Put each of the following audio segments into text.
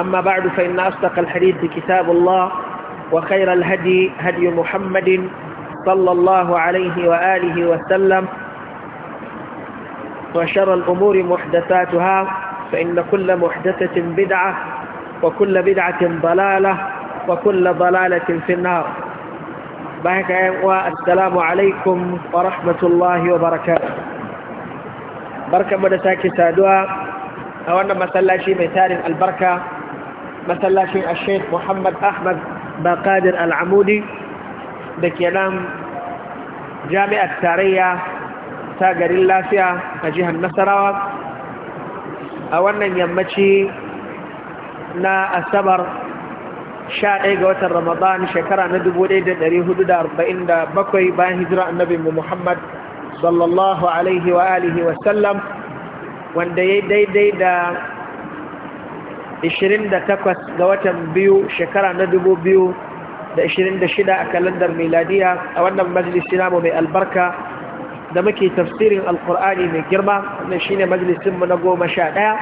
أما بعد فإن أصدق الحديث كتاب الله وخير الهدي هدي محمد صلى الله عليه وآله وسلم وشر الأمور محدثاتها فإن كل محدثة بدعة وكل بدعة ضلالة وكل ضلالة في النار بحك والسلام عليكم ورحمة الله وبركاته بركة مدساكي سادوا أولا مسلا شيء مثال البركة masallacin ashek muhammad ahmad bakadir al'amudi da ke nan jami'ar tarayya ta garin lafiya a jihar nasarawa a wannan yammaci na asabar 11 ga watan ramadan shekara na 1447 bayan hijira annabi muhammad sallallahu alaihi wa alihi wasallam wanda ya daidai da 28 ga watan biyu shekara na 2026 a kalandar miladiya a wannan majalisi namu mai albarka da muke tafsirin alkur'ani mai girma wannan shine majalisinmu na goma sha ɗaya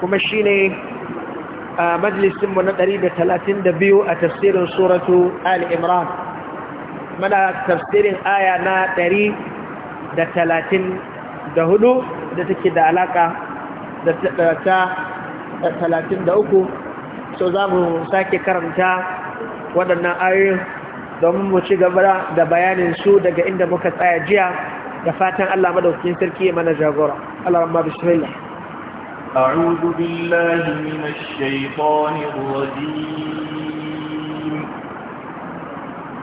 kuma shine majalisinmu na 132 a tafsirin suratu al'imran mana tafsirin aya na 134 da take da alaƙa da ta da talatin da uku so za mu sake karanta waɗannan ayoyin domin mu ci gaba da bayanin su daga inda muka tsaya jiya da fatan Allah madaukakin sarki ya mana jagora Allah ramma bismillah أعوذ بالله من الشيطان rajim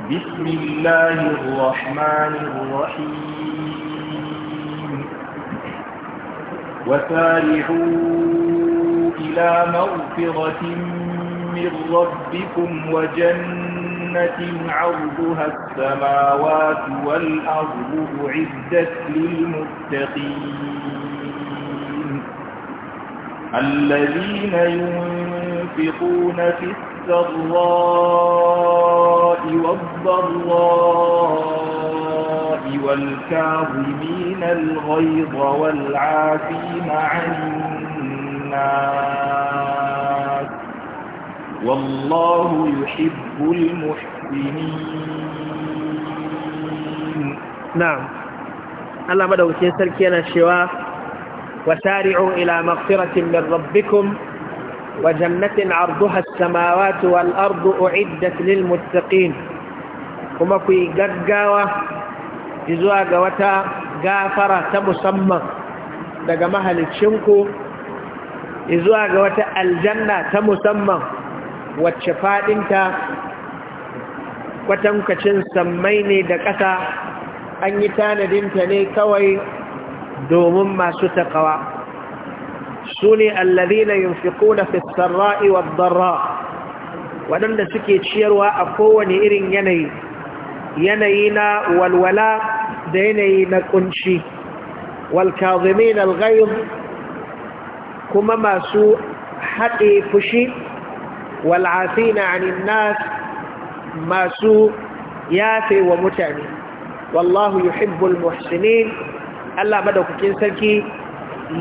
bismillahir rahmanir rahim wa وسارعوا إلى مغفرة من ربكم وجنة عرضها السماوات والأرض أعدت للمتقين الذين ينفقون في السراء والضراء والكاظمين الغيظ والعافين عن الناس والله يحب المحسنين نعم الله بدأ وكين سلكينا الشواء وسارعوا إلى مغفرة من ربكم وجنة عرضها السماوات والأرض أعدت للمتقين kuma ku yi gaggawa zuwa ga wata gafara ta musamman daga mahalicinku zuwa ga wata aljanna ta musamman wacce faɗinta kwatankacin sammai ne da ƙasa an yi tanadinta ne kawai domin masu taƙawa su ne allazina yunfiquna fi sarra'i wad darra waɗanda suke ciyarwa a kowane irin yanayi yanayi na walwala da yanayi na kunci wal kazimin kuma masu haɗe fushi wal'afina anin nas masu yafe wa mutane wallahu yuhibbul muhsinin Allah madaukakin sarki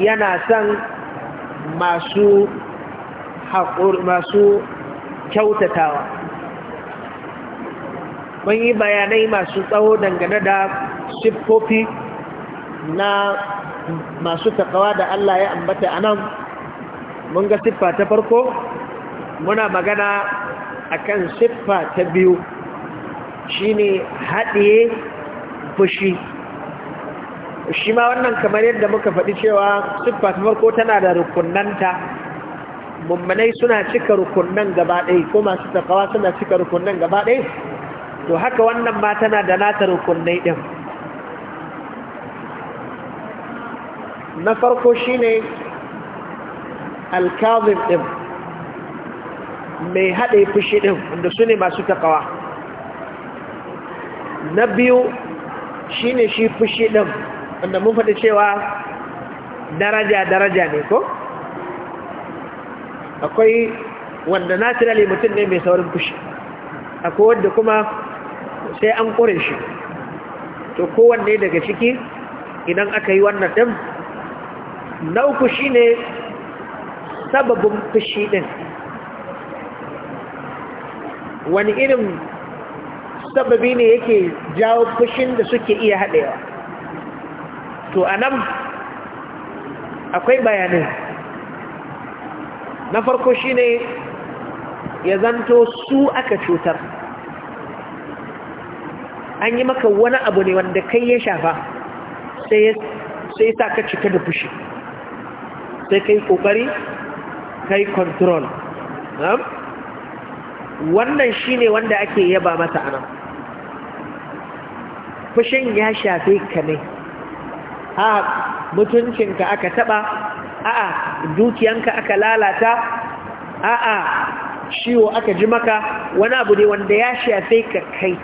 yana son masu masu kyautatawa mun yi bayanai masu tsawo dangane da siffofi na masu takawa da Allah ya ambata a nan mun ga siffa ta farko muna magana akan siffa ta biyu shine haɗe fushi shi ma wannan kamar yadda muka faɗi cewa siffa ta farko tana da rukunanta mummunai suna cika rukunan gaba ko masu takawa suna cika rukunan gaba to haka wannan ma tana da nata rukunai ɗin na farko shi ne alkazim ɗin mai haɗe fushi ɗin wanda su ne masu takawa na biyu shi ne shi fushi ɗin wanda mun faɗi cewa daraja-daraja ne ko akwai wanda naturally mutum ne mai saurin fushi akwai wanda kuma sai an ƙure shi to kowanne daga ciki idan aka yi wannan ɗin Nauku shi ne sababin fushi ɗin wani irin sababi ne yake jawo fushin da suke iya haɗewa to a nan akwai bayanai na farko shi ne ya zanto su aka cutar an yi maka wani abu ne wanda kai ya shafa sai ya sa ka cika da fushi sai kai kokari kai control wannan shine wanda ake yaba mata anan fushin ya shafe ka ne a mutuncinka aka taba a'a dukiyanka aka lalata a'a ciwo aka ji maka wani abu ne wanda ya shafe ka kai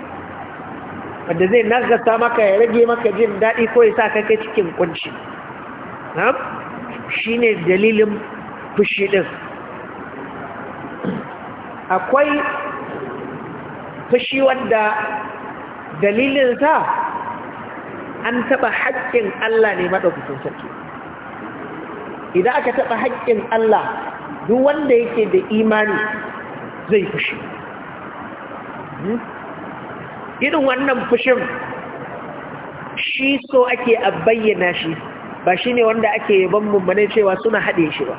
wanda zai nazarta maka ya rage maka jin daɗi ko ya sa kake cikin kunci Shi ne dalilin fushi ɗin akwai fushi wanda ta, an taɓa haƙƙin Allah ne maɗaukacin sarki idan aka taɓa haƙƙin Allah duk wanda yake da imani zai fushi hmm? irin wannan fushin shi so ake a bayyana shi ba shi ne wanda ake yaban mummane cewa suna haɗe shi ba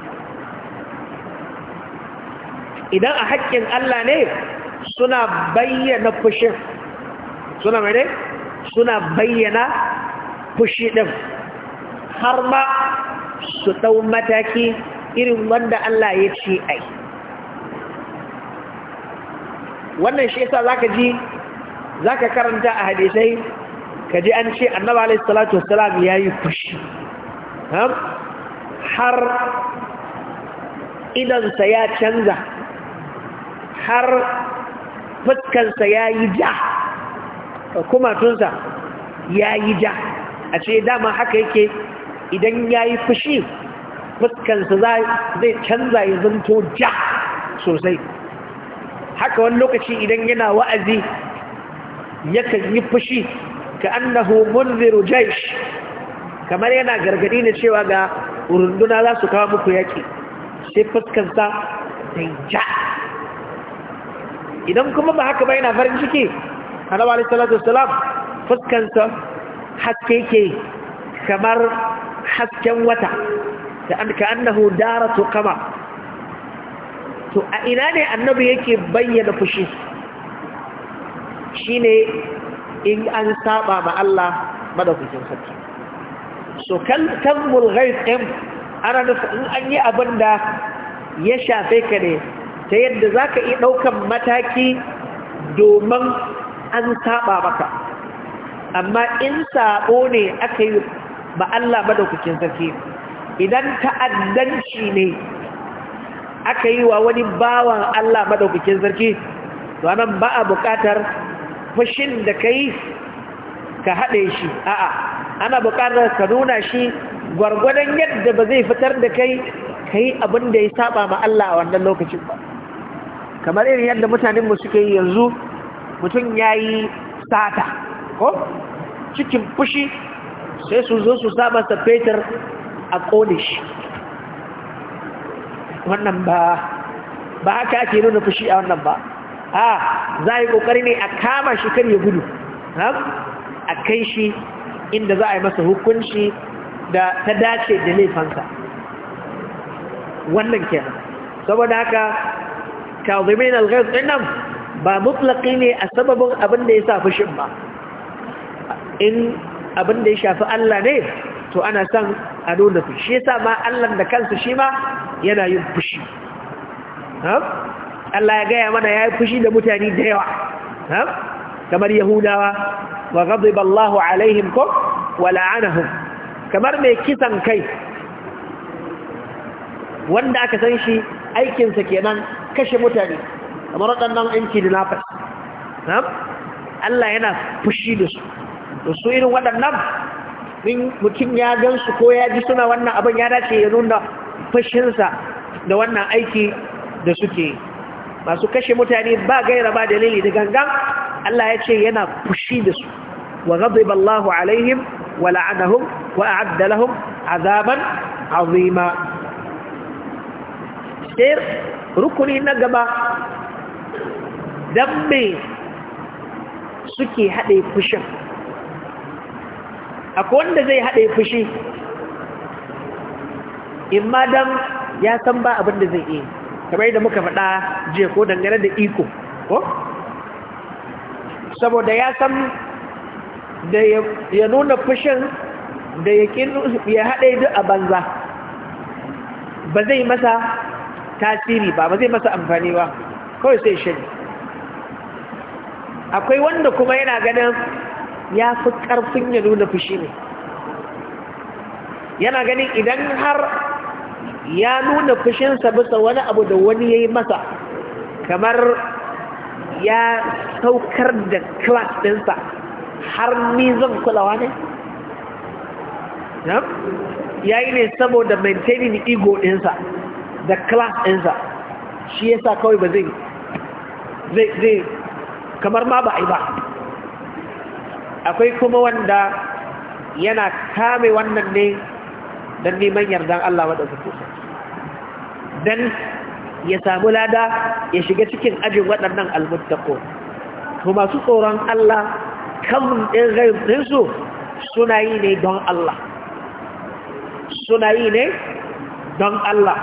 idan a haƙƙin Allah ne suna bayyana fushin suna mai suna bayyana fushi ɗin har ma su ɗau mataki irin wanda Allah ya ce ai wannan shi yasa zaka ji zaka karanta a hadisai kaji an ce annabi alaihi salatu wassalam yayi fushi har idansa ya canza har fuskansa ya yi ja kumatunsa ya yi ja a ce dama haka yake idan ya yi fushi fuskansa zai canza ya zanto ja sosai haka wani lokaci idan yana wa'azi yakan yi fushi ka annahu munziru jaish kamar yana gargadi ne cewa ga runduna za su kawo muku yaƙi sai fuskansa sai ja idan kuma ba haka ba yana farin ciki annabi alaihi salatu wassalam haske ke kamar hasken wata da an ka annahu to kama to a ina ne annabi yake bayyana fushi shine in an saba ma Allah madaukakin sarki so kan ghaiz din ana nufa in an yi abin da ya shafe ka ne ta yadda za ka iya ɗaukan mataki domin an saba maka amma in saɓo ne aka yi ba Allah madaukakin sarki idan ta'addanci ne aka yi wa wani bawan Allah maɗaukakin sarki to anan ba a buƙatar fushin da kai ka haɗe shi a'a ana buƙatar ka nuna shi gwargwadon yadda ba zai fitar da kai ka yi abin da ya saba ma Allah a wannan lokacin ba kamar irin yadda mutanenmu suke yi yanzu mutum ya yi sata ko cikin fushi sai su zo su sa masa fetur a ƙone shi wannan ba ba haka ake nuna fushi a wannan ba a za a yi ƙoƙari ne a kama shi kar ya gudu a kai shi inda za a yi masa hukunci da ta dace da laifansa wannan kenan saboda haka kazimin al ba mutlaqi ne a sababin abin da ya sa fushin ba in abin da ya shafi Allah ne to ana son a nuna fushi shi yasa ma Allah da kansa shi ma yana yin fushi Allah ya gaya mana ya yi fushi da mutane da yawa kamar yahudawa wa ghadiba Allahu alaihim ko wa la'anahum kamar mai kisan kai wanda aka san shi aikinsa kenan kashe mutane kamar waɗannan aiki da nafas Allah yana fushi da su da su irin waɗannan in mutum ya gan su ko ya ji suna wannan abin ya dace ya nuna fashinsa da wannan aiki da suke yi masu kashe mutane ba gaira ba dalili da gangan Allah ya ce yana fushi da su wa ghadiba Allahu alaihim wa la'anahum wa a'adda lahum azaban azima sai rukuni na gaba dambe suke haɗe fushin akwai wanda zai haɗe fushi in ma dan ya san ba abin da zai iya kamar yadda muka faɗa jiya ko dangane da iko ko saboda ya san da ya nuna fushin da ya haɗe duk a banza ba zai masa tasiri ba ba zai masa amfani ba kawai sai shi akwai wanda kuma yana ganin ya fi ƙarfin ya nuna fushi ne yana ganin idan har ya nuna fushinsa bisa wani abu da wani ya yi masa kamar ya saukar da klas ɗinsa har ni zan kulawa ne? ya yi ne saboda maintaining ego ɗinsa da klas ɗinsa shi ya sa kawai ba zai kamar ma ba a ba akwai kuma wanda yana kame wannan ne don neman yardan Allah waɗansu kusa dan ya samu lada ya shiga cikin ajin waɗannan almuttaqo to masu tsoron Allah kan ɗin gairinsu suna yi ne don Allah suna yi ne don Allah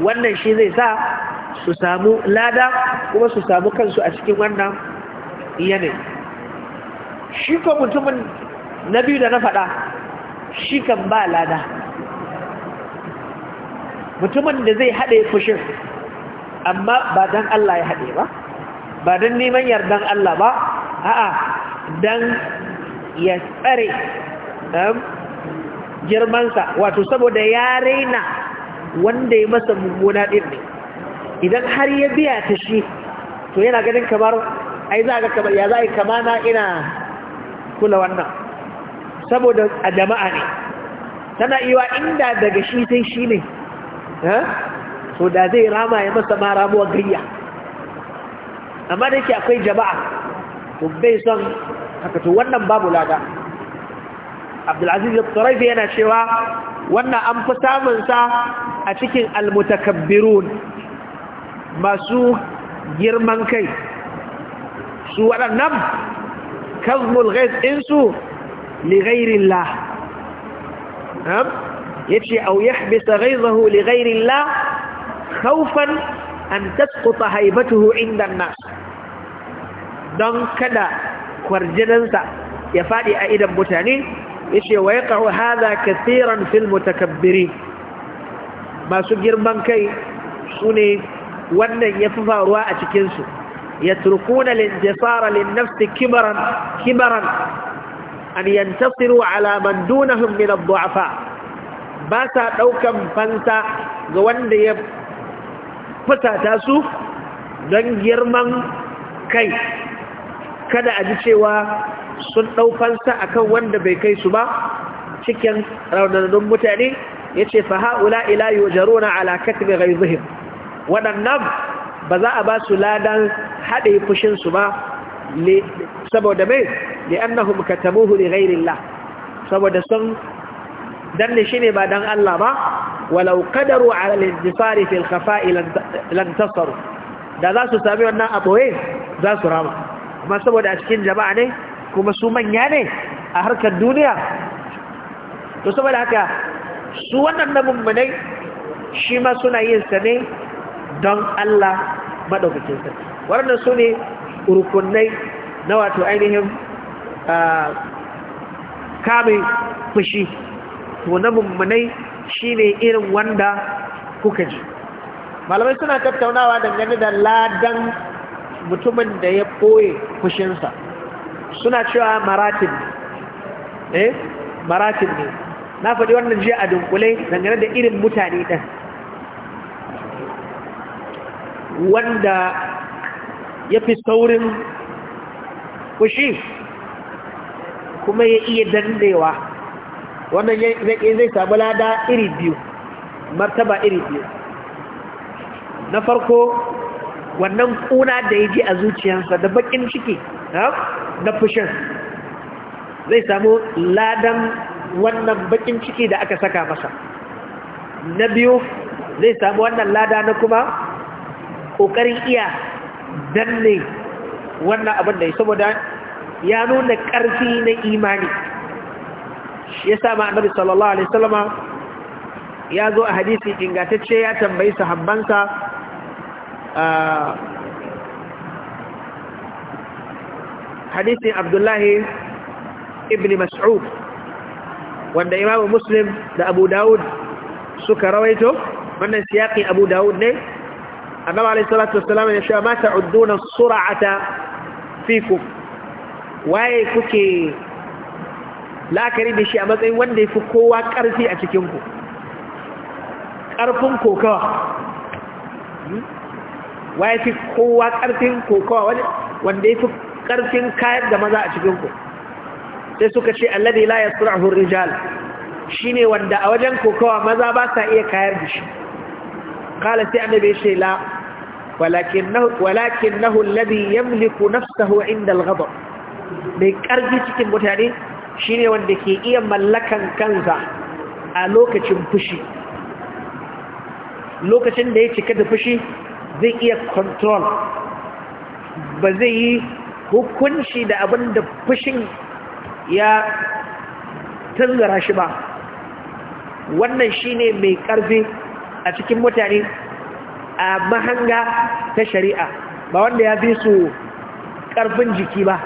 wannan shi zai sa su samu lada kuma su samu kansu a cikin wannan yanayi shi ko mutumin na biyu da na faɗa shi kan ba lada mutumin da zai haɗe fushin amma ba don Allah ya haɗe ba ba don neman yardan Allah ba a'a don ya tsare um, girmansa wato saboda ya raina wanda ya masa mummuna ɗin ne idan har ya biya ta shi to yana ganin kamar ai za ga kamar ya za a yi kamana ina kula wannan saboda a jama'a ne tana iya inda daga shi sai shi ne so da zai rama ya masa ma ramuwa gayya amma da yake akwai jama'a to bai son haka to wannan babu lada abdulaziz al-turaifi yana cewa wannan an fi samun sa a cikin almutakabbirun masu girman kai su waɗannan kazmul ghaiz insu li ghairillah yace aw yahbisa ghayzahu li ghayri Allah khawfan an tasquta haibatuhu inda an-nas don kada kwarjinansa ya fadi a idan mutane yace wa yaqa'u hadha katiran fil mutakabbirin masu girman kai sune wannan yafi faruwa a cikin su يتركون الانتصار للنفس كبرا an أن ينتصروا على من دونهم من الضعفاء ba sa ɗaukan fanta ga wanda ya fusata su don girman kai kada a ji cewa sun ɗau fansa akan wanda bai kai su ba cikin raunannun mutane ya ce fa ha'ula ila yi jaro na mai ga gaizuhim waɗannan ba za a ba su ladan haɗe fushinsu ba saboda mai da annahum katamuhu da gairin la saboda sun danne shine ba dan Allah ba walau qadaru ala al lan tasaru da za su sami wannan aboye za su rama amma saboda a cikin jama'a ne kuma su manya ne a harkar duniya to saboda haka su wannan mummunai shi ma suna yin sa ne don Allah madaukakin sarki wannan su ne rukunai na wato ainihin ah, kamin fushi to na mummunai shine irin wanda kuka ji malamai suna tattaunawa dangane da ladan mutumin da ya ɓoye kushinsa, suna cewa maratin eh maratin ne na faɗi wannan jiya a dunkule dangane da irin mutane ɗan wanda ya fi saurin kushi kuma ya iya dandewa wannan zai samu lada iri biyu martaba iri biyu na farko wannan kuna da ya ji a zuciyarsa da bakin ciki na fushin zai samu ladan wannan bakin ciki da aka saka masa na biyu zai samu wannan lada na kuma ƙoƙarin iya danne wannan abin da ya saboda ya nuna ƙarfi na imani shi sama ma annabi sallallahu alaihi wasallama ya zo a hadisi ingantacce ya tambayi sahabbansa hadisin abdullahi ibn mas'ud wanda imamu muslim da abu dawud suka rawaito wannan siyaƙin abu dawud ne annabi alaihi salatu wassalam ya ce ma ta'udduna sur'ata fikum waye kuke la'akari da shi a matsayin wanda ya fi kowa ƙarfi a cikinku ƙarfin kokawa waye fi kowa ƙarfin kokawa wanda ya fi ƙarfin kayan da maza a cikinku sai suka ce allade la ya tsura rijal shi ne wanda a wajen kokawa maza ba sa iya kayar da shi kala sai annabi ya ce la walakin nahu allade yamliku nafsahu inda al-ghadab mai ƙarfi cikin mutane shi ne wanda ke iya mallakan kansa a lokacin fushi lokacin da ya cika da fushi zai iya control ba zai yi hukunci da abin da fushin ya tangara shi ba wannan shi ne mai ƙarfi a cikin mutane a mahanga ta shari'a ba wanda ya fi su ƙarfin jiki ba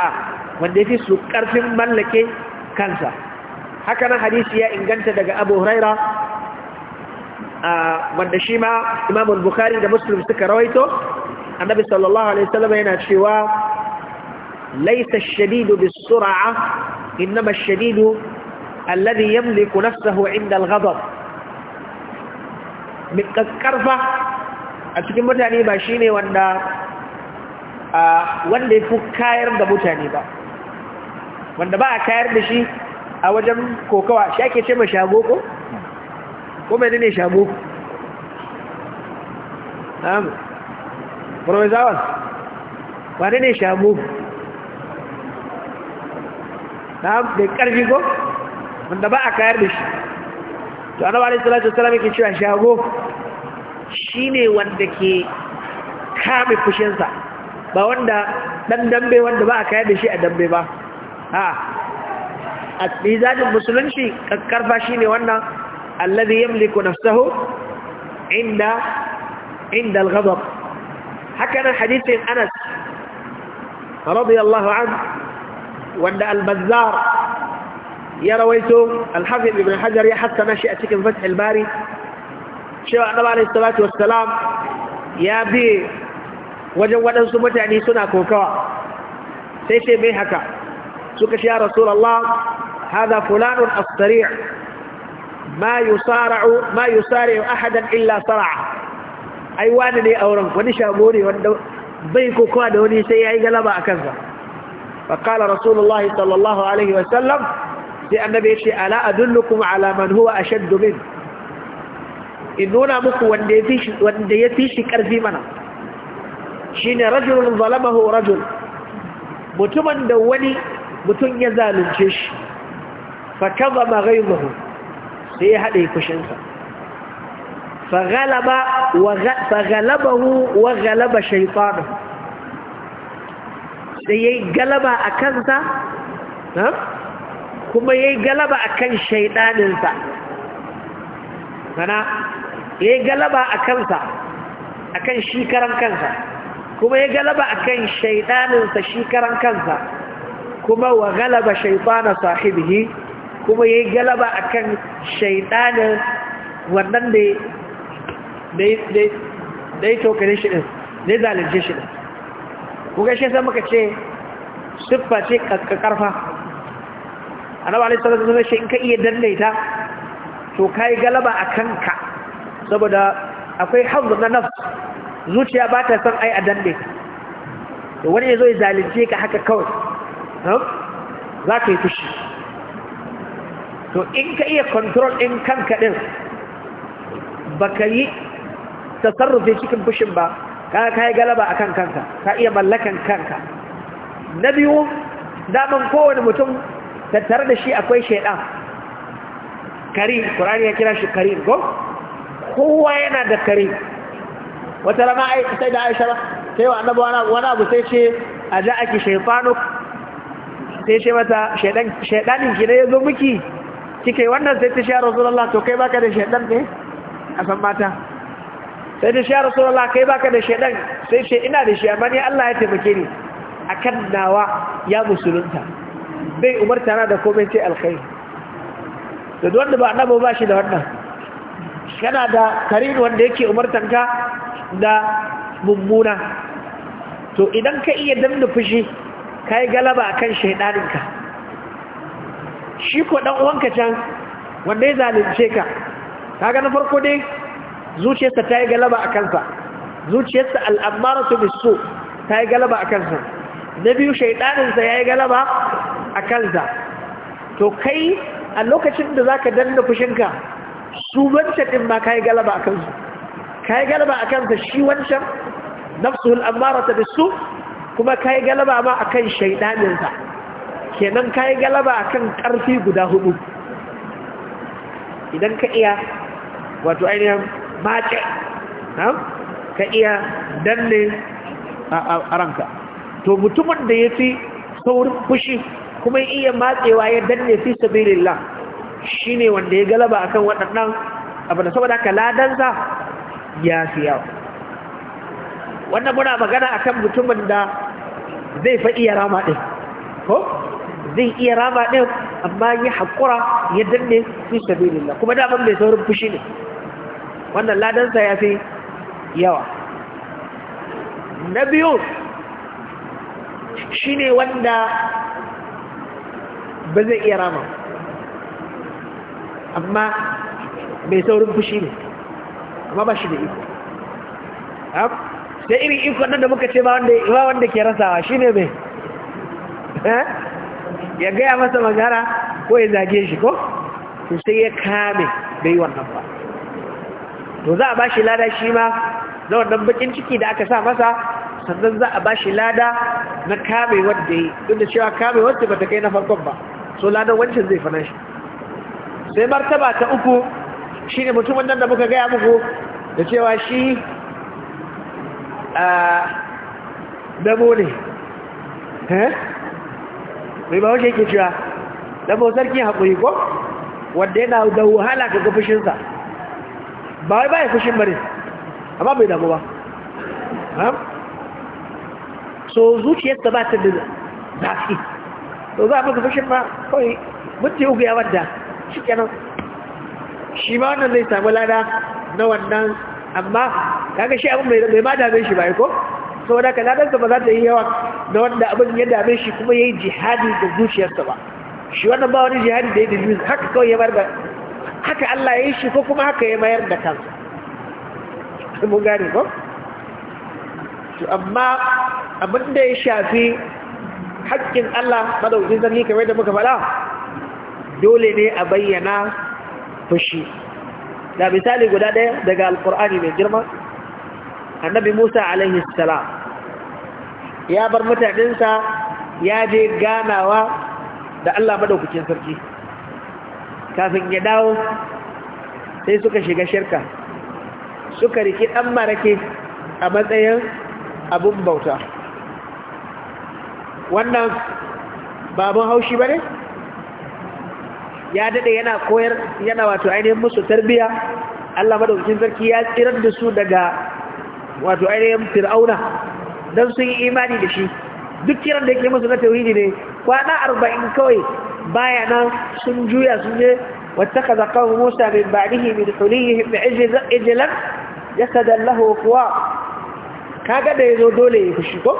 a wanda yake su karfin mallake kansa haka nan hadisi ya inganta daga abu huraira wanda shi ma Imam bukhari da muslim suka rawaito annabi sallallahu alaihi wasallam yana cewa laisa shadidu bis sur'a innama shadidu alladhi yamliku nafsahu inda al-ghadab mikkarfa a cikin mutane ba shine wanda wanda ya fi kayar da mutane ba wanda ba a kayar da shi a wajen kokawa shi ake ce ma shago ko? ko mai ne shago? na'am provisawan ba ne shago? na'am da karfi ko? wanda ba a kayar da shi to ana wani salatu salama ke cewa shago shi ne wanda ke kame fushinsa ba wanda ɗan dambe wanda ba a kayar da shi a dambe ba الميزان المسلم شيء كرفا شيء الذي يملك نفسه عند عند الغضب حكى حكنا حديث أنس رضي الله عنه وأن البزار يا رويته الحفظ ابن حجر يا حتى ناشئتك من فتح الباري شوى أن الله عليه الصلاة والسلام يا بي وجودا سمتعني سنة كوكوا سيشي بيحكا suka ce ya rasulallah haza fulanun asiriya ma yi tsara yau ahadan illa tsara ai wani ne a wurin wani shagori wanda bai kokowa da wani sai ya yi galaba a kansa ba kala rasulallah sallallahu alaihi wasallam sai annabe ce ala adullukum ala man huwa a shaddumin in nuna muku wanda ya fi shi karfi mana shi ne rajulun zalamahu rajul mutumin da wani mutum ya zalunce shi fakaba maghaibahu sai ya haɗe kushinsa hu, wa galaba shaifanu sai ya yi galaba a kansa kuma ya yi galaba a kan shaiɗaninsa. mana ya yi galaba a kansa a kan shi karan kansa kuma ya galaba a kan shaiɗaninsa, shi karan kansa kuma wa galaba shaitana sahibihi kuma yayi galaba akan shaitanin wannan da da ya tokare shi din da ya zalunce shi din kuka shi sai muka ce siffa ce karfa annabi alaihi salatu wasallam shi in ka iya dannaita to kai galaba akan ka saboda akwai hazzun na nafs zuciya ba ta san ai a To wani ya zo ya zalunce ka haka kawai za ka yi fushi to in ka iya control ɗin kanka ɗin ba ka yi tasarrufe cikin fushin ba ka ka yi galaba a kan kanka ka iya mallakan kanka na biyu daman kowane mutum tattare da shi akwai shaidan kari ƙurari ya kira shi kari ko kowa yana da kari wata rama sai da aisha sai wa annabawa wani abu sai ce a ake shaifanuk sai ce mata shaidanin ki ne ya zo miki kike wannan sai ta sha rasulullah to kai baka da shaidan ne a san mata sai ta sha rasulullah kai baka da shaidan sai ce ina da shi amma ni Allah ya taimake ni akan nawa ya musulunta bai umarta na da komai sai alkhairi da wanda ba annabo ba shi da wannan kana da karin wanda yake tanka da mummuna to idan ka iya danna fushi ka yi galaba a kan shaidaninka shi ko ɗan uwanka can wanda ya zalince ka kaga na farko dai zuciyarsa ta yi galaba a kansa zuciyarsa al'ammara su bisu ta yi galaba a kansa na biyu shaidaninsa ya yi galaba a kansa to kai a lokacin da za ka danna fushinka su wancan ɗin ma ka yi galaba a kansa ka yi galaba a kansa shi wancan nafsu al'ammara ta bisu kuma ka yi galaba ma a kan shaidaninsa kenan ka yi galaba a kan ƙarfi guda hudu idan ka iya wato ainihin mace ka iya danne a ranka to mutumin da ya fi saurin fushi kuma iya matsewa ya danne fi sabirillah shi ne wanda ya galaba akan waɗannan abu saboda ka ladansa ya fi yawa wannan muna magana akan mutumin da zai fa iya rama ɗin ko zai iya rama ɗin amma yi haƙura ya danne fi sabilillah kuma da ban mai saurin fushi ne wannan ladansa ya fi yawa na biyu shine wanda ba zai iya rama amma mai saurin fushi ne amma ba shi da iko da iri ikon nan da muka ce ba wanda ke rasawa shi ne mai eh? ya gaya masa magana ko ya zage shi ko to sai ya kame bai wannan ba to za a ba shi lada shi ma na wannan bakin ciki da aka sa masa sannan za a ba shi lada na kame wanda yi duk da cewa kame wadda ba ta kai na farkon ba so ladan wancan zai fana shi sai martaba ta uku shi ne mutumin nan da muka gaya muku da cewa shi a dabo ne mai ba wajen ke cewa dabo sarki haƙuri ko wadda yana da wahala ga fushinsa ba wai ya fushin bari amma bai damu ba so zuciyarsa ba ta da zafi to za a maka fushin ma kawai mutu ugu ya wadda shi kenan shi ma wannan zai samu lada na wannan amma kaga shi abin bai ma dame shi ba ko da ka ladarsa ba za ta yi yawa da wanda abin ya dame shi kuma ya yi jihadi da zuciyarsa ba shi wannan ba wani jihadi da ya da zuciya haka kawai ya mayar da haka Allah ya yi shi ko kuma haka ya mayar da kansa mun gane ko to amma abin da ya shafi haƙƙin Allah madaukakin sarki kamar da muka faɗa dole ne a bayyana fushi da misali guda ɗaya daga alkur'ani mai girma annabi musa alaihi salam ya bar mutanensa ya je ganawa da allah madaukakin sarki kafin ya dawo sai suka shiga shirka suka riki ɗan marake a matsayin abin bauta wannan babin haushi ba ne? ya dade yana koyar yana wato ainihin musu tarbiya Allah madaukakin sarki ya tsirar da su daga wato ainihin fir'auna dan sun yi imani da shi duk kiran da yake musu na tauhidi ne kwana 40 kawai baya nan sun juya sun je wattakaza qawm musa min ba'dihi min sulihihim bi'ajl ajlan yakada lahu quwa kaga da yazo dole ya fushi ko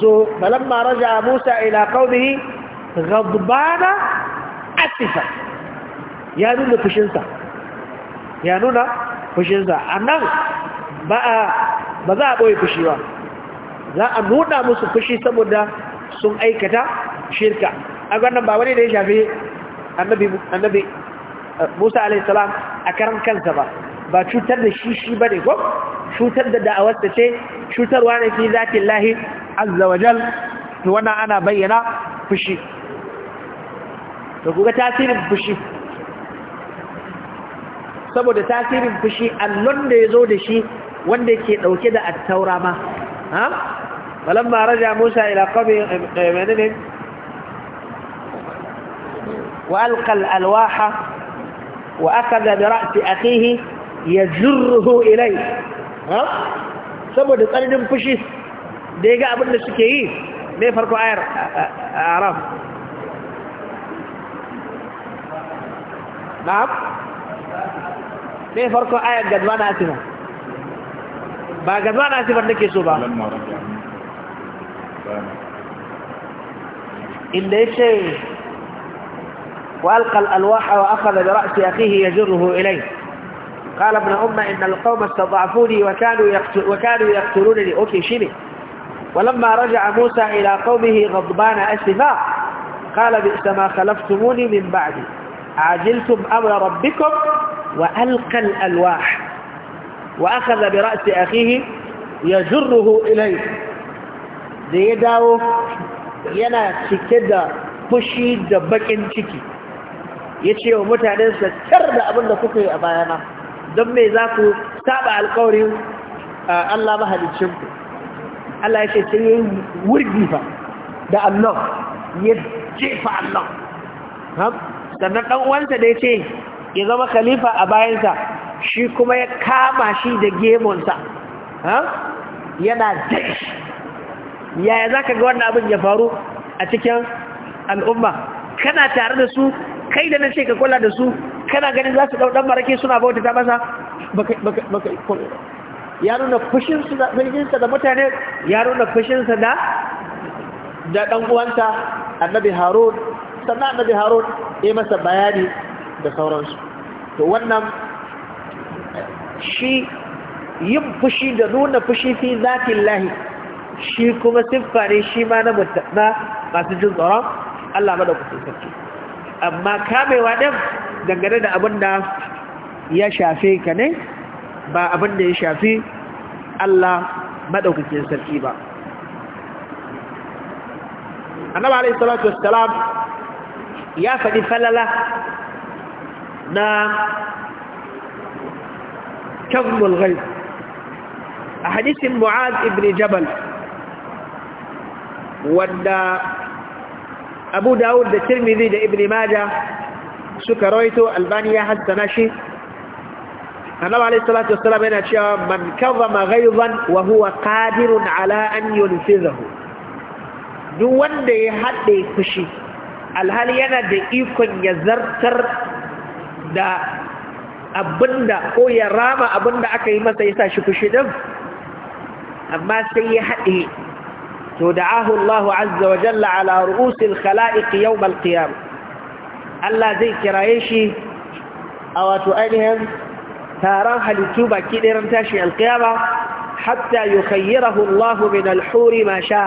so balamma raja musa ila qawmihi ghadbana atifa ya nuna fushinsa ya nuna fushinsa annan ba ba za a boye fushi ba za a nuna musu fushi saboda sun aikata shirka a wannan ba wani da ya shafi annabi Musa alaihi salam a karan kansa ba ba cutar da shi shi bane ko cutar da da'awarsa ce cutarwa ne fi zatin lahi azza wajal to wannan ana bayyana fushi To kuga tasirin fushi saboda tasirin fushi allon da ya zo da shi wanda ke ɗauke da attaura ma ha? balamma raja musa ila kome ne wa alƙal alwaha wa aka da a akihi ya zurruhu ilai saboda tsananin fushi da ya ga abin da suke yi mai farko ayar a aram نعم me فرق ايه قد ما asima ما قد ما asima nake so إن inda والقى الالواح واخذ براس اخيه يجره اليه قال ابن ام ان القوم استضعفوني وكانوا يقتل وكانوا يقتلونني اوكي شيني ولما رجع موسى الى قومه غضبان اسفا قال بئس ما خلفتموني من بعدي عجلتم أمر ربكم وألقى الألواح وأخذ برأس أخيه يجره إليه ليدعو ينا تكدى بشي دبك انتكي يتشي ومتع ننسى ترد أبن لكوكي أبايانا دمي ذاكو تابع القوري آه، الله ما هل يتشمك الله يشي سيئي ورقفة دا الله يجيف الله نعم. sannan ɗan uwansa da ya ce ya zama khalifa a bayansa shi kuma ya kama shi da gemunsa yana daɗi yaya za ka ga wannan abin ya faru a cikin al'umma kana tare da su kai da na ce ka kula da su kana ganin za su ɗauɗan marake suna bauta ta masa ya nuna fushinsa da mutane ya nuna fushinsa da ɗan'uwansa annabi harun sannan annabi harun ya masa bayani da sauransu to wannan shi yin fushi da nuna fushi fi zatin lahi shi kuma siffa ne shi ma na masu jin tsoron Allah madaukakin sarki amma kamewa ɗin dangane da abin da ya shafe ka ne ba abin da ya shafi Allah maɗaukacin sarki ba annaba salatu ya faɗi falala na kyanmul ghaib a hadisin mu'az ibn jabal wadda abu dawud da tirmidhi da ibn maja suka roito albani ya hassana shi annabi alayhi salatu wassalam yana cewa man kadhama ghaidan wa huwa qadirun ala an yunfizahu duk wanda ya haɗe fushi alhali yana da ikon ya zartar da abinda ko ya rama abinda aka yi masa yasa shi fushi din amma sai ya haɗe to da'ahu Allah azza wa jalla ala ru'usil khala'iq yawm al-qiyam Allah zai kiraye shi a wato ainihin taron halittu baki ɗayan tashi alkiyama qiyama hatta yukhayyirahu Allah min al ma sha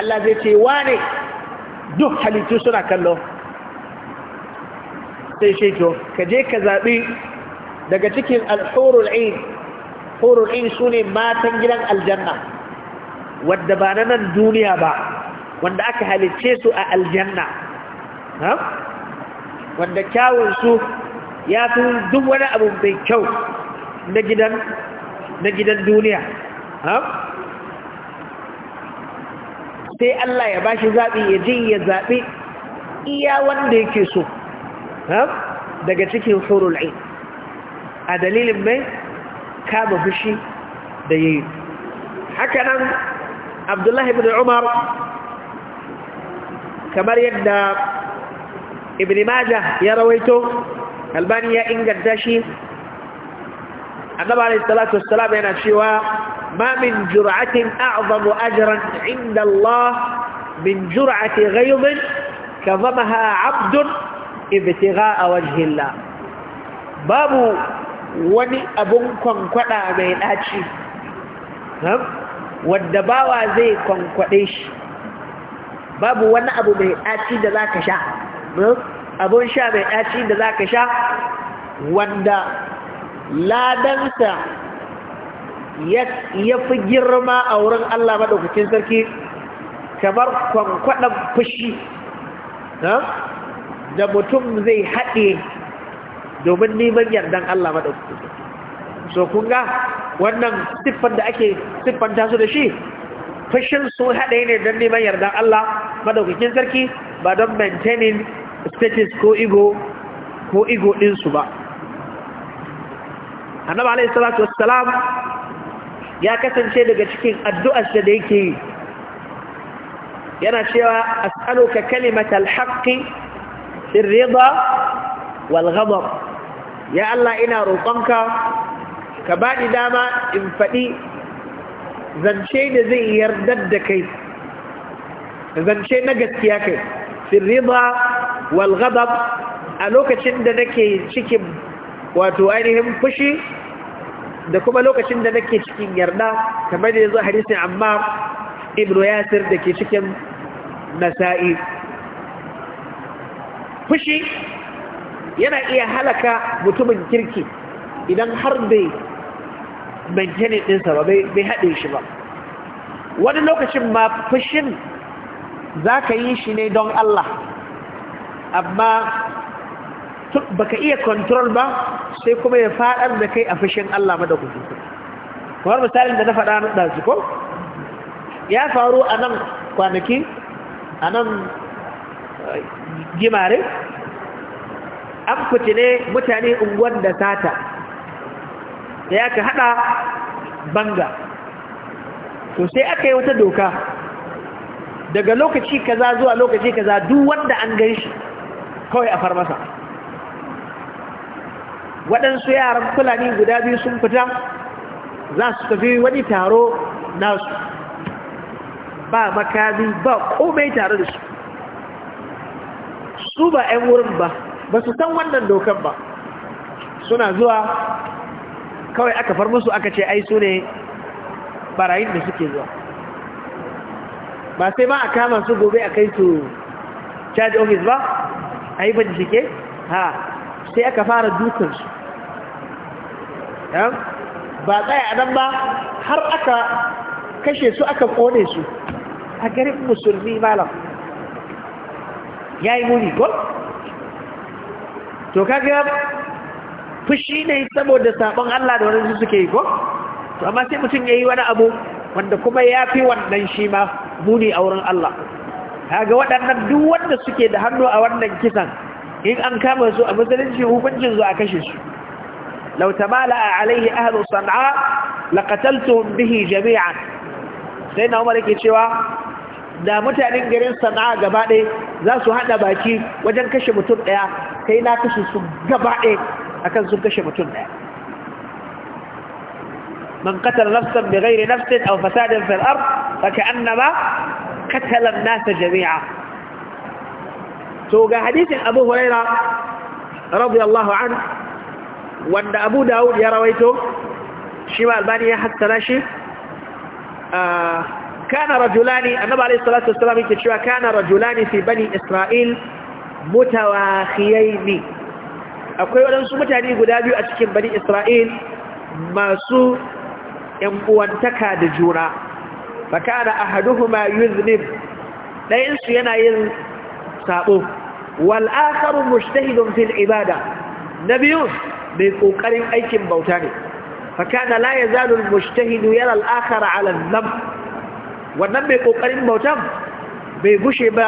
Allah zai ce wane duk halittu suna kallo sai ka je ka zaɓi daga cikin al'urul ain hurul ain su ne matan gidan aljanna wadda ba na nan duniya ba wanda aka halicce su a aljanna wanda kyawunsu ya fi duk wani abu mai kyau na gidan duniya sai Allah ya bashi zaɓi ya je ya zaɓi iya wanda yake so daga cikin hurul ain a dalilin mai kama fushi da yayi haka nan abdullahi ibn umar kamar yadda ibn majah ya rawaito albani ya inganta shi annaba alayhi salatu wassalam yana cewa ما من جرعة أعظم أجرا عند الله من جرعة غيظ كظمها عبد ابتغاء وجه الله باب وني أبن كنكونا من أجي والدباوة زي كنكونيش باب وني أبو من أجي دلاك شاء أبن شاء من أجي دلاك شاء wanda ladansa ya fi girma a wurin Allah maɗaukacin sarki kamar kwankwaɗon fushi da mutum zai haɗe domin neman yardan Allah maɗaukacin sarki so ga wannan siffar da ake siffanta su da shi fushin sun haɗe ne don neman yardan Allah maɗaukacin sarki ba don maintaining status ko ego ko ego ɗinsu ba annaba alaihi salatu wassalam ya kasance daga cikin addu'arsa da yake yi yana cewa a kalimatal haqqi fir rida wal ya Allah ina roƙonka ka baɗi dama in faɗi zance da zai yardar da kai zance na gaskiya kai fir rida a lokacin da nake cikin wato ainihin fushi da kuma lokacin da nake cikin yarda kamar da ya zo hadisin amma ibnu yasir da ke cikin nasa'i fushi yana iya halaka mutumin kirki idan har bai maintainin ɗinsa ba bai haɗe shi ba wani lokacin ma fushin za ka yi shi ne don Allah amma baka iya kontrol ba sai kuma ya fadar da kai a fushin Allah madaukakin kamar misalin da na faɗa na ɗazu ko ya faru a nan kwanaki a nan eh, gimare an ne mutane unguwar da sata da ya ka haɗa banga to sai aka yi wata doka daga lokaci kaza zuwa lokaci kaza duk wanda an gan shi kawai a farmasa waɗansu yaran fulani guda biyu sun fita za su tafi wani taro nasu ba makami ba komai tare da su su ba 'yan wurin ba ba su san wannan dokan ba suna zuwa kawai aka far musu aka ce ai su ne barayin da suke zuwa ba sai ma a kama su gobe a kai su charge office ba a yi bincike ha sai aka fara dukansu ba tsaya a nan ba har aka kashe su aka kone su a garin musulmi malam ya yi muni ko? to kaga fushi ne saboda sabon Allah da wani suke yi ko? to amma sai mutum ya yi wani abu wanda kuma ya fi wannan shi ma muni a wurin Allah kaga waɗannan duk wanda suke da hannu a wannan kisan in an kama su a shi hukuncin zuwa a kashe su لو تمالأ عليه أهل صنعاء لقتلتهم jami'a جميعا سيدنا عمر yake cewa da mutanen garin sana'a gaba zasu za haɗa baki wajen kashe mutum ɗaya kai na kashe su gaba ɗaya akan sun kashe mutum ɗaya man qatal nafsan bi ghairi nafsin fasadin fil ard fa ka'annama qatala jami'a to ga hadisin Abu Hurairah radiyallahu anhu wanda abu dawud ya rawaito shi ma albani ya hassana shi ah, kana rajulani annabi alayhi salatu wassalam yake cewa kana rajulani fi bani isra'il mutawakhiyaini akwai wadansu mutane guda biyu a cikin bani isra'il masu yan uwantaka da juna fa kana ahaduhuma yuznib dayan su yana yin sabo wal akharu mujtahidun fil ibada nabiyun mai kokarin aikin bauta ne fakana la yazalu almujtahidu yara al-akhar ala wannan mai kokarin bautan bai gushe ba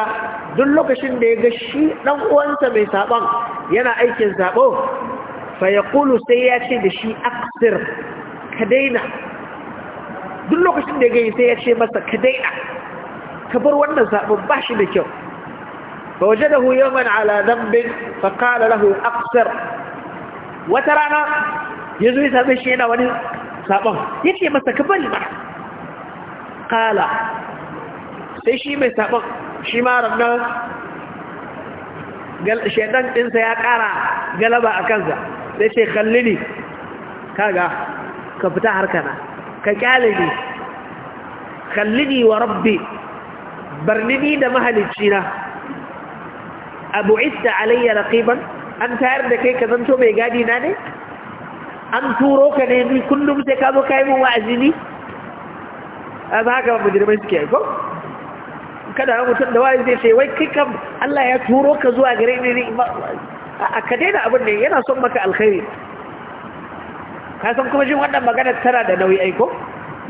duk lokacin da ya ga shi dan uwansa mai saban yana aikin sabo fa yaqulu sai ya ce da shi aksir ka daina duk lokacin da ya gani sai ya ce masa ka daina ka bar wannan sabon ba shi da kyau fa wajadahu yawman ala dhanbin fa qala lahu aksir wata rana ya zo ya sami shi yana wani sabon ya ce masa ka bari ba kala sai shi mai sabon shi ma rannan shaidan ɗinsa ya ƙara galaba a kansa sai ce kallini. ne kaga ka fita harkana ka kyale ne Kallini wa rabbi Barnini da mahalicci na abu isa alayya raqiban an tayar da kai ka zanto mai gadi na ne an turo ka ne ni kullum sai ka zo ka yi mun wa'azi ni a za ka mujirmai suke aiko kada na mutum da wa'azi zai ce wai kai kam Allah ya turo ka zuwa gare ni ne a ka daina abin ne yana son maka alkhairi ka san kuma shi wannan magana tana da nauyi aiko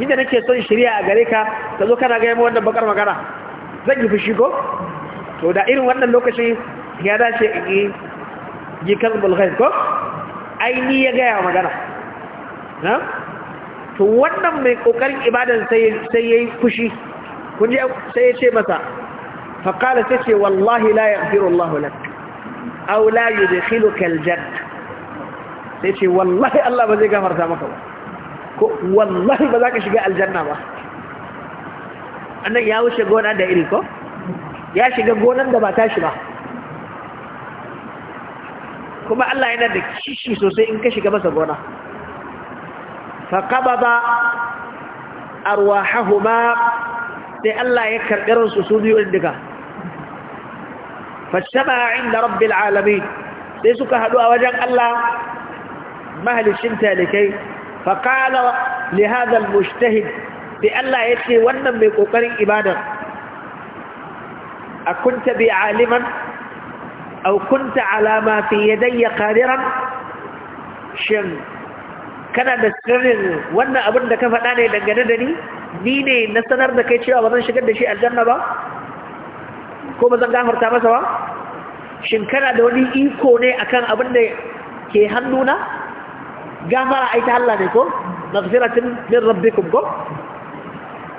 yadda nake son shirya a gare ka ka zo kana gaya wannan bakar magana zan yi fushi ko to da irin wannan lokacin ya dace in yi jikan bulghaib ko aini ya gaya magana na to wannan mai kokarin ibadan sai yayi fushi kun ji sai ya ce masa fa qala tace wallahi la yaghfiru Allahu lak aw la yudkhiluka aljanna sai ce wallahi Allah ba zai gafarta maka ba ko wallahi ba za ka shiga aljanna ba annan ya wuce gona da iri ko ya shiga gonan da ba tashi ba kuma Allah yana da kishi sosai in ka shiga masa gona faqabada arwahahuma sai Allah ya karɓi ransu su biyu indiga fashtama inda rabbil alamin sai suka haɗu a wajen Allah mahalicin talikai faqala li hadha al mujtahid sai Allah ya ce wannan mai kokarin ibada akunta bi aliman Aukunta كنت على ما في يدي قادرا kana da sirrin wannan abin da ka faɗa ne dangane da ni ni ne na sanar da kai cewa ba zan shigar da shi aljanna ba ko ba zan gafarta masa ba shin kana da wani iko ne akan abin da ke hannuna gafara ai ta Allah ne ko maghfiratin min rabbikum ko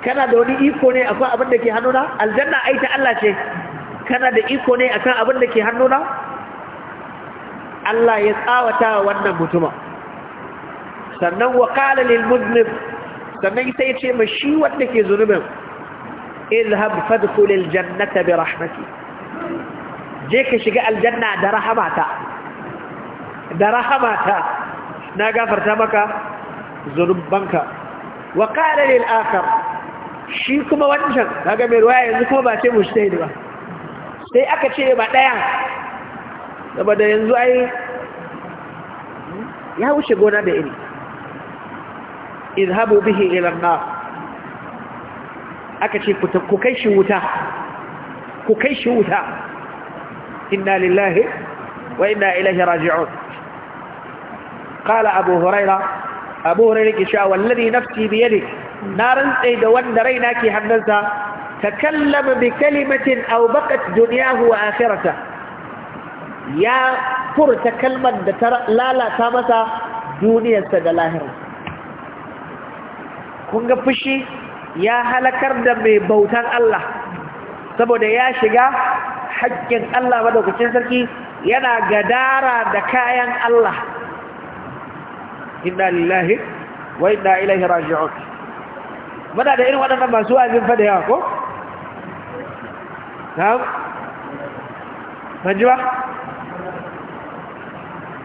kana da wani iko ne akan abin da ke hannuna aljanna ai Allah ce kana da iko ne a kan abin da ke hannuna Allah ya tsawata wa wannan mutuma sannan wa qala lil mudnib sannan sai ce ma shi wanda ke zunubin izhab fadkhul al jannata bi rahmati je ka shiga aljanna da rahamata da rahamata na gafarta maka zunubanka wa qala lil shi kuma wancan kaga mai ruwaya yanzu kuma ba ce mushtahid ba sai aka ce ba ɗaya, saboda yanzu ai ya wuce gona da iri izhabu bihi ila nar aka ce ku kai shi wuta ku kai shi wuta inna lillahi wa inna ilaihi raji'un qala abu hurairah abu hurairah kisha wallazi nafsi biyadihi na rantse da wanda raina ke hannunsa takallama bi kalimatin aw baqat dunyahu wa akhirata ya furta kalmar da ta lalata masa duniyarsa da lahira kun ga fushi ya halakar da mai bautan Allah saboda ya shiga haƙƙin Allah madaukakin sarki yana gadara da kayan Allah inna lillahi wa inna ilaihi raji'un muna da irin waɗannan masu wa'azin fa da yawa ko na'am manji ba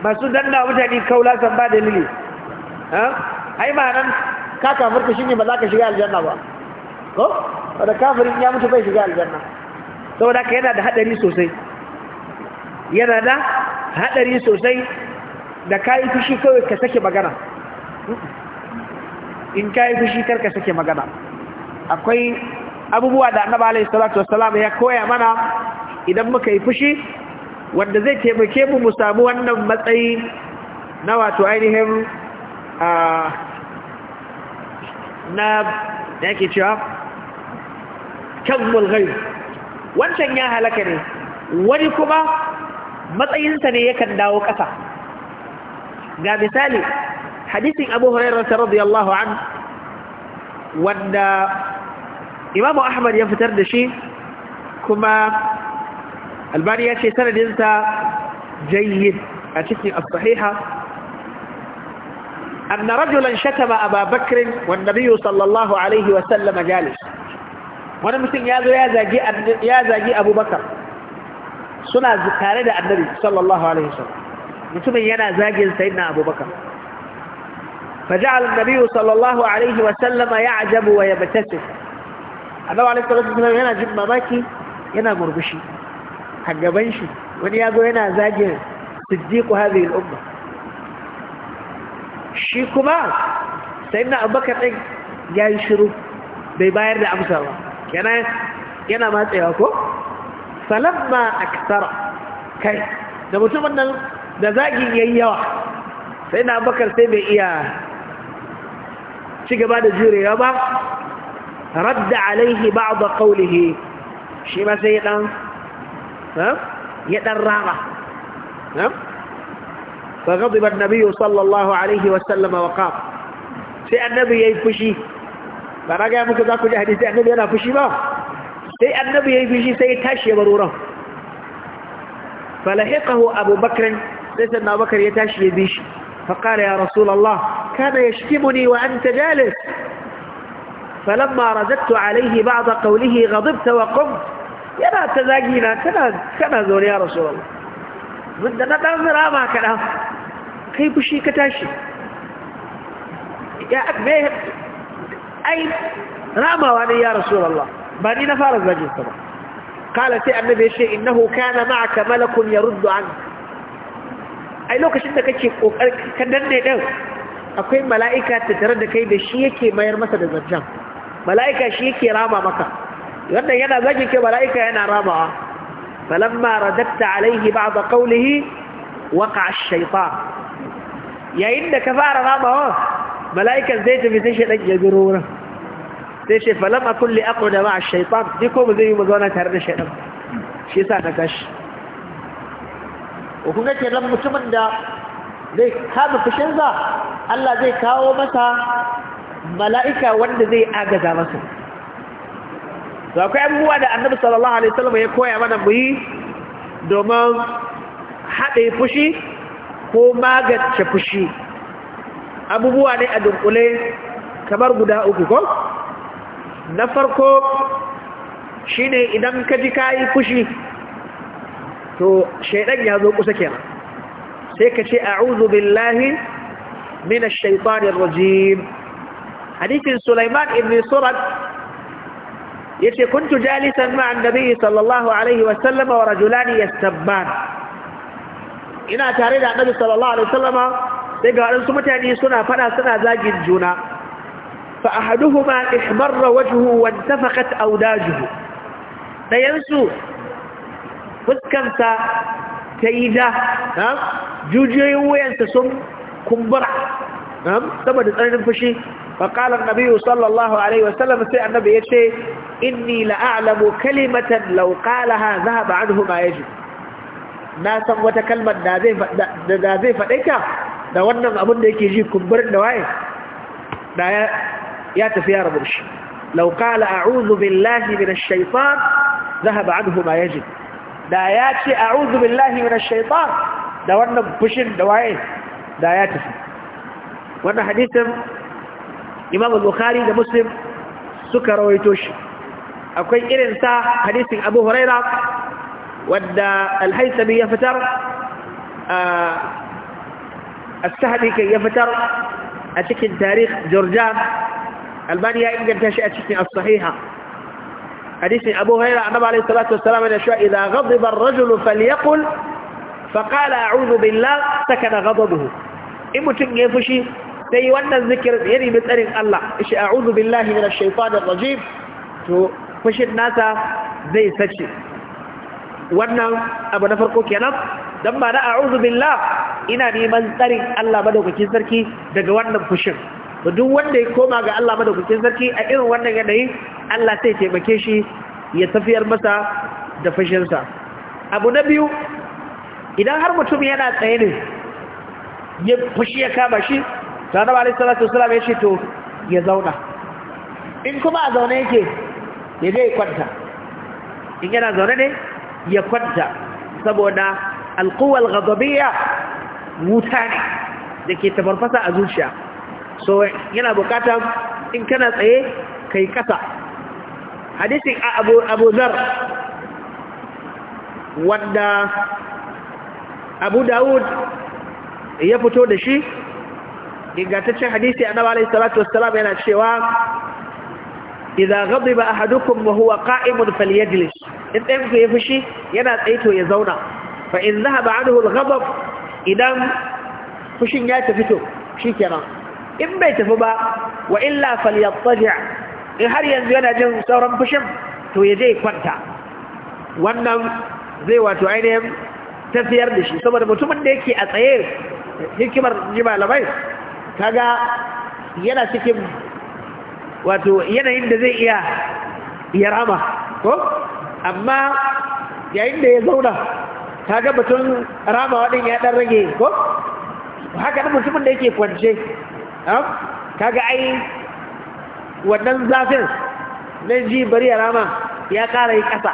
masu danna mutane kaula san ba dalili ai ma ma'anan ka kafirka shine ba za ka shiga aljanna ba ko wanda kafirin ya mutu bai shiga aljanna saboda ka yana da haɗari sosai yana da haɗari sosai da yi fushi kawai ka sake magana in ka yi fushi karka sake magana akwai abubuwa da annaba alaihi salatu wassalam ya koya mana idan muka yi fushi wanda zai taimake mu mu samu wannan matsayi na wato ainihin na da yake cewa kammul ghaib wancan ya halaka ne wani kuma matsayinsa ne yakan dawo ƙasa ga misali hadisin abu hurairar radiyallahu an wanda imamu ahmad ya fitar da shi kuma albani ya ce sanadinsa jayyid a cikin as-sahiha أن رجلا شتم أبا بكر والنبي صلى الله عليه وسلم جالس وانا مسلم يا زاجي أبو بكر سنة تارد النبي صلى الله عليه وسلم mutumin yana zagin sayyidina abubakar فجعل النبي صلى الله عليه وسلم يعجب ويبتسم annabi alaihi salatu wasallam yana jin mamaki yana murmushi a gaban shi wani ya zo yana zage siddiqu hadhihi al-umma shi kuma sayyidina abubakar din ya yi shiru bai bayar da amsa ba yana yana matsayawa ko falamma aktara kai da mutumin nan da zagin yayi yawa sai abubakar sai bai iya ci gaba da jurewa ba radda alaihi ba'd qawlihi shi ma sai dan ha ya dan rama fa ghadiba an-nabiy sallallahu alaihi wa sallam wa qaf sai annabi yayi fushi ba raga muku za ku ji hadisi annabi yana fushi ba sai annabi yayi fushi sai tashi ya baruran falahiqahu abubakar sai sannan abubakar ya tashi ya bi shi فقال يا رسول الله كان يشتمني وأنت جالس فلما رددت عليه بعض قوله غضبت وقمت يا لا تزاقينا كما كما زون يا رسول الله عندنا تنظر آه، ما كان كيف شيء كتاشي يا أبيه أي راما وأنا يا رسول الله ماني نفارز بجيس طبعا قال سيء النبي شيء إنه كان معك ملك يرد عنك ai lokacin da kake kokarin ka danne din akwai mala'ika tattare da kai da shi yake mayar masa da zarjan mala'ika shi yake rama maka wannan yana zaki ke mala'ika yana ramawa falamma radatta alaihi ba'd qawlihi waqa ash-shaytan yayin da ka fara ramawa malaika zai tafi sai shedan ya biro wurin sai shi falamma kulli aqda ma'a ash-shaytan diko zai yi zauna tare da shedan shi yasa ta tashi to kun ga kenan mutumin da zai kama fushinsa Allah zai kawo masa mala'ika wanda zai agaza masa ku akwai abubuwa da annabi sallallahu alaihi wasallam ya koya mana mu yi domin haɗe fushi ko magance fushi abubuwa ne a dunkule kamar guda uku ko na farko shine idan ka ji kayi fushi to shaidan ya zo kusa kenan sai ka ce a'udhu billahi minash shaitanir rajim hadithin Sulaiman ibn Surad yace kuntu jalisan ma'an nabiy sallallahu alaihi wa sallam wa rajulani yastabban ina tare da annabi sallallahu alaihi wa sallama sai ga wadansu mutane suna fada suna zagin juna Fa فأحدهما احمر وجهه وانتفخت أوداجه دينسو fuskanta ta yi da jujiyoyin wuyansa sun kumbura saboda tsarin fushi ba ƙalar sallallahu alaihi wasallam sai annabi ya ce inni la'alamu kalimatan lauƙalaha za ba an huma ya na san wata kalmar da zai faɗe da wannan abin da yake ji kumburin da waye da ya tafi ya rabu lauƙala a'uzu billahi min shaifan za an huma ya da ya ce a'udhu billahi minash shaitan da wannan fushin da waye da ya tafi wannan hadisin Imam Bukhari da Muslim suka rawaito shi akwai irin sa hadisin Abu Huraira wanda Al-Haythami ya fitar As-Sahabi kai ya fitar a cikin tarikh Jordan Albani ya inganta shi a cikin As-Sahiha hadisin abu huraira annabi alaihi salatu wassalam yana cewa idan ghadiba ar-rajulu falyaqul faqala a'udhu billah sakana ghadabuhu in mutum ya fushi sai wannan zikir ya nemi tsarin Allah shi a'udhu billahi minash shaitanir rajim to fushin nasa zai sace wannan abu na farko kenan dan ba na a'udhu billah ina neman tsarin Allah madaukakin sarki daga wannan fushin to duk wanda ya koma ga Allah madaukakin sarki a irin wannan yanayi, Allah sai taimake shi ya tafiyar masa da fashinsa abu na biyu idan har mutum yana tsaye ne ya fushi ya kama shi sanar ba salatu wasalam ya ce ya zauna in kuma a zaune yake ya kwanta in yana zaune ne ya kwanta saboda alkuwal gazabiyya wuta ne da ke tabarfasa a zuciya so yana bukatar in kana tsaye kai kasa hadisin abu abu zar wanda abu dawud ya fito da shi ingantaccen hadisi annabi alayhi salatu wassalam yana cewa idza ghadiba ahadukum wa huwa qa'imun falyajlis in ɗayan ku ya fushi yana tsaye to ya zauna fa in dhahaba anhu al-ghadab idan fushin ya tafi to shikenan in bai tafi ba wa illa falyattaji' in har yanzu yana jin sauran fushin to ya je kwanta wannan zai wato ainihin tafiyar da shi saboda mutumin da yake a tsaye hikimar ji malamai kaga yana cikin wato yanayin da zai iya ya rama ko amma yayin da ya zauna kaga mutum rama waɗin ya ɗan rage ko haka da mutumin da yake kwance kaga ai wannan zafin na ji bari ya rama ya ƙara yi ƙasa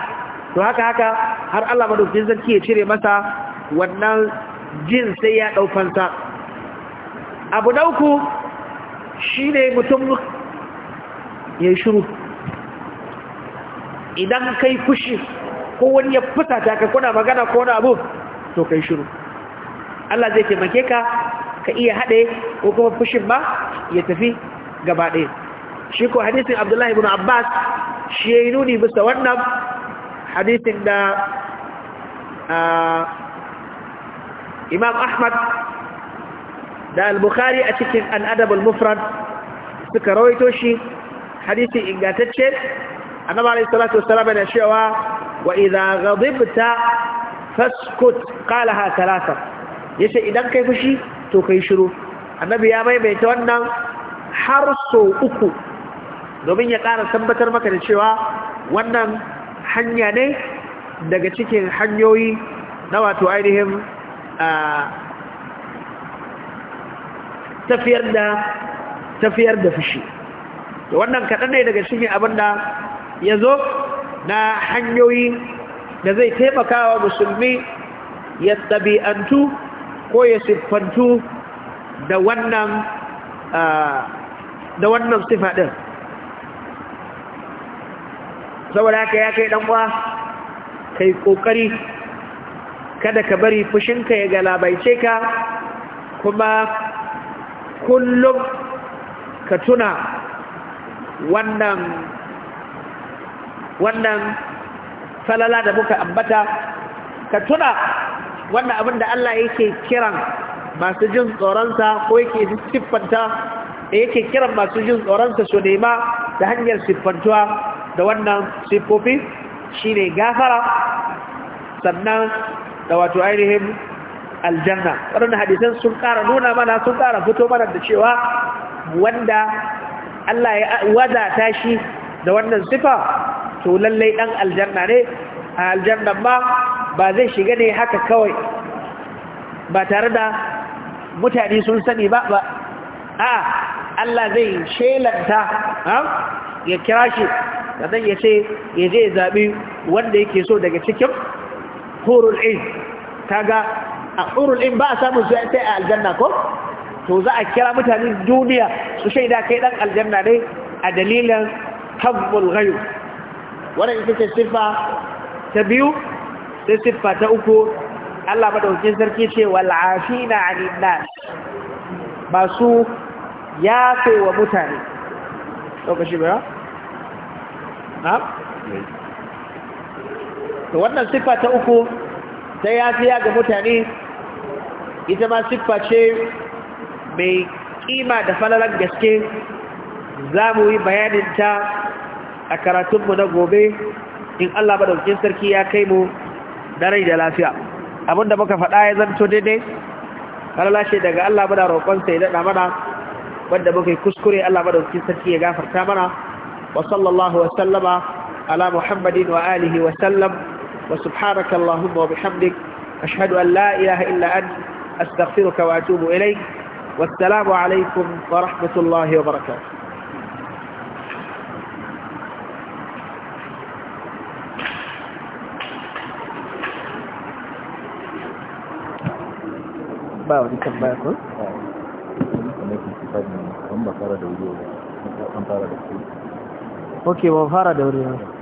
to haka haka har Allah madaukakin sarki ya cire masa wannan jin sai ya ɗaufanta abu ɗauku shi ne mutum ya yi shuru idan kai fushi ko wani ya fita ta ka kuna magana ko wani abu to kai shuru Allah zai taimake ka ka iya haɗe ko kuma fushin ba ya tafi gaba ɗaya shi ko hadisin abdullahi ibn abbas shi ya yi nuni bisa wannan hadisin da imam ahmad da al-bukhari a cikin al'adab al-mufrad suka rawaito shi hadisin ingantacce annabi alayhi salatu wassalam yana cewa wa idza ghadibta faskut qalaha thalatha yace idan kai fushi to kai shiru annabi ya maimaita wannan har so uku domin ya ƙara tabbatar maka da cewa wannan hanya ne daga cikin hanyoyi na wato ainihin tafiyar da tafiyar da fushi da wannan kaɗan ne daga cikin abin da ya zo na hanyoyi da zai taimaka wa musulmi ya ɗabi'antu ko ya siffantu da wannan da wannan sifa din saboda haka ya kai ɗan'uwa kai ƙoƙari kada ka bari fushinka ya galabaice ka kuma kullum ka tuna wannan wannan falala da muka ambata ka tuna wannan abin da Allah yake kiran masu jin tsoronsa ko yake siffanta da yake kiran masu jin tsoronsa su nema da hanyar siffantuwa da wannan siffofi shi ne gafara sannan da wato ainihin aljanna waɗanda hadisan sun ƙara nuna mana sun ƙara fito mana da cewa wanda Allah ya ta shi da wannan sifa to lallai ɗan aljanna ne a aljannan ba ba zai shiga ne haka kawai ba tare da mutane sun sani ba ba a Allah zai shelanta ya kira shi sannan ya ce ya je zaɓi wanda yake so daga cikin hurul Ta ga a hurul ba a samun su sai a aljanna ko to za a kira mutane duniya su shaida kai ɗan aljanna ne a dalilin habbul ghayu wannan ita ce sifa ta biyu sai siffa ta uku Allah maɗauki sarki ce wal afina 'anil nas masu yafe wa mutane lokaci ba ha? to wannan siffa ta uku ta fiya ga mutane ita ma siffa ce mai kima da falalan gaske za mu yi bayaninta a karatunmu na gobe in Allah madaukin sarki ya kai mu da rai da lafiya abinda muka faɗa ya zanto daidai har lashe daga Allah muna roƙonsa ya daɗa mana wanda muka yi kuskure Allah madaukakin sarki ya gafarta mana wa sallallahu wa sallama ala muhammadin wa alihi wa sallam wa subhanaka allahumma wa bihamdik ashhadu an la ilaha illa ant astaghfiruka wa atubu ilayk wassalamu alaikum wa rahmatullahi wa barakatuh ba wani tambaya ko ok ba fara da wuri ba